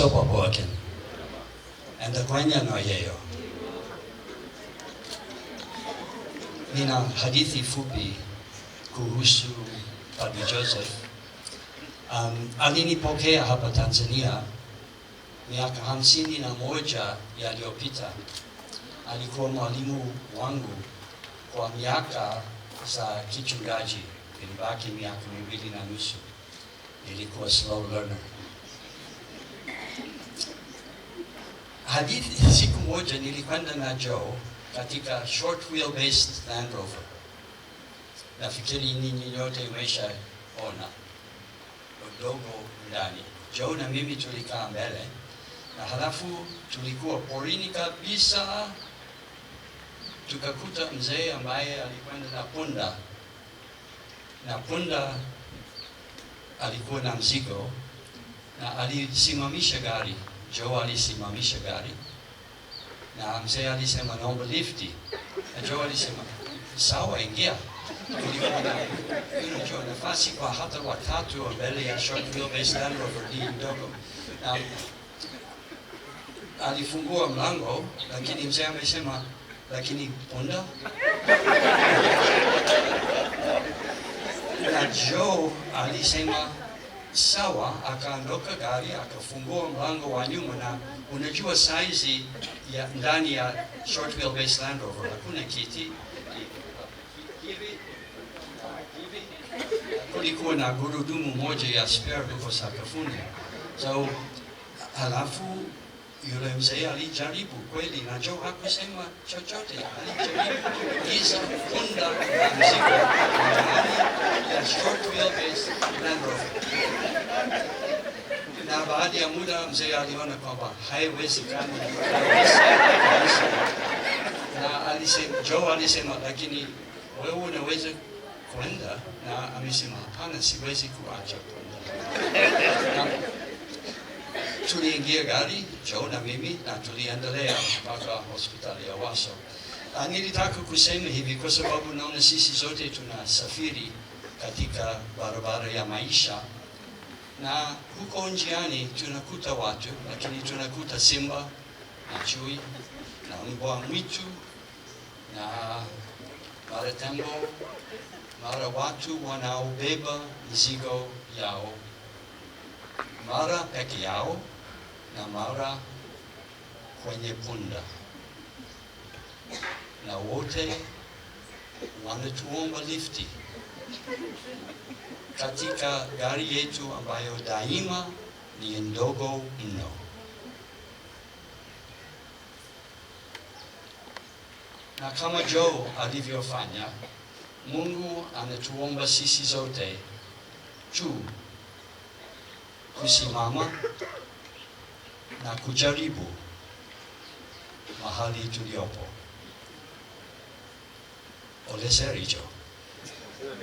of working and the kwanya no yeyo nina hadithi fupi kuhusu Padre Joseph um, alinipokea hapa Tanzania miaka hamsini na moja yaliyopita. Alikuwa mwalimu wangu kwa miaka za kichungaji, ilibaki miaka miwili na nusu. Nilikuwa slow learner Hadithi, siku moja nilikwenda na Joe katika short wheel based Land Rover. Nafikiri ninyi nyote ona udogo ndani. Joe na mimi tulikaa mbele na halafu tulikuwa porini kabisa, tukakuta mzee ambaye alikwenda na punda, na punda alikuwa na mzigo na alisimamisha gari Joe alisimamisha gari na mzee alisema naomba lifti, na Joe alisema sawa, ingia. Tulikuwa na nafasi kwa hata watatu wa mbele ya short wheelbase Land Rover D ndogo, na alifungua mlango, lakini mzee amesema lakini punda na Joe alisema sawa. Akaondoka gari akafungua mlango wa nyuma, na unajua saizi ya ndani ya short wheelbase Land Rover hakuna kiti kulikuwa na gurudumu moja ya spare huko sakafuni. So halafu yule mzee alijaribu kweli, na Joe hakusema chochote, alijaribu kuingiza punda na mzigo baada ya muda mzee aliona kwamba haiwezekani na alisema, Joe alisema, lakini wewe unaweza kwenda, na amesema hapana, siwezi kuacha kwenda. Tuliingia gari jo na mimi na tuliendelea mpaka hospitali ya Waso. Nilitaka kusema hivi kwa sababu naona sisi zote tunasafiri katika barabara ya maisha na huko njiani tunakuta watu, lakini tunakuta simba na chui na mbwa mwitu na mara tembo, mara watu wanaobeba mizigo yao, mara peke yao na mara kwenye punda, na wote wanatuomba lifti katika gari yetu ambayo daima ni ndogo mno. Na kama Joe alivyofanya, Mungu anatuomba sisi zote juu kusimama na kujaribu mahali tuliopo. Ole Serijo.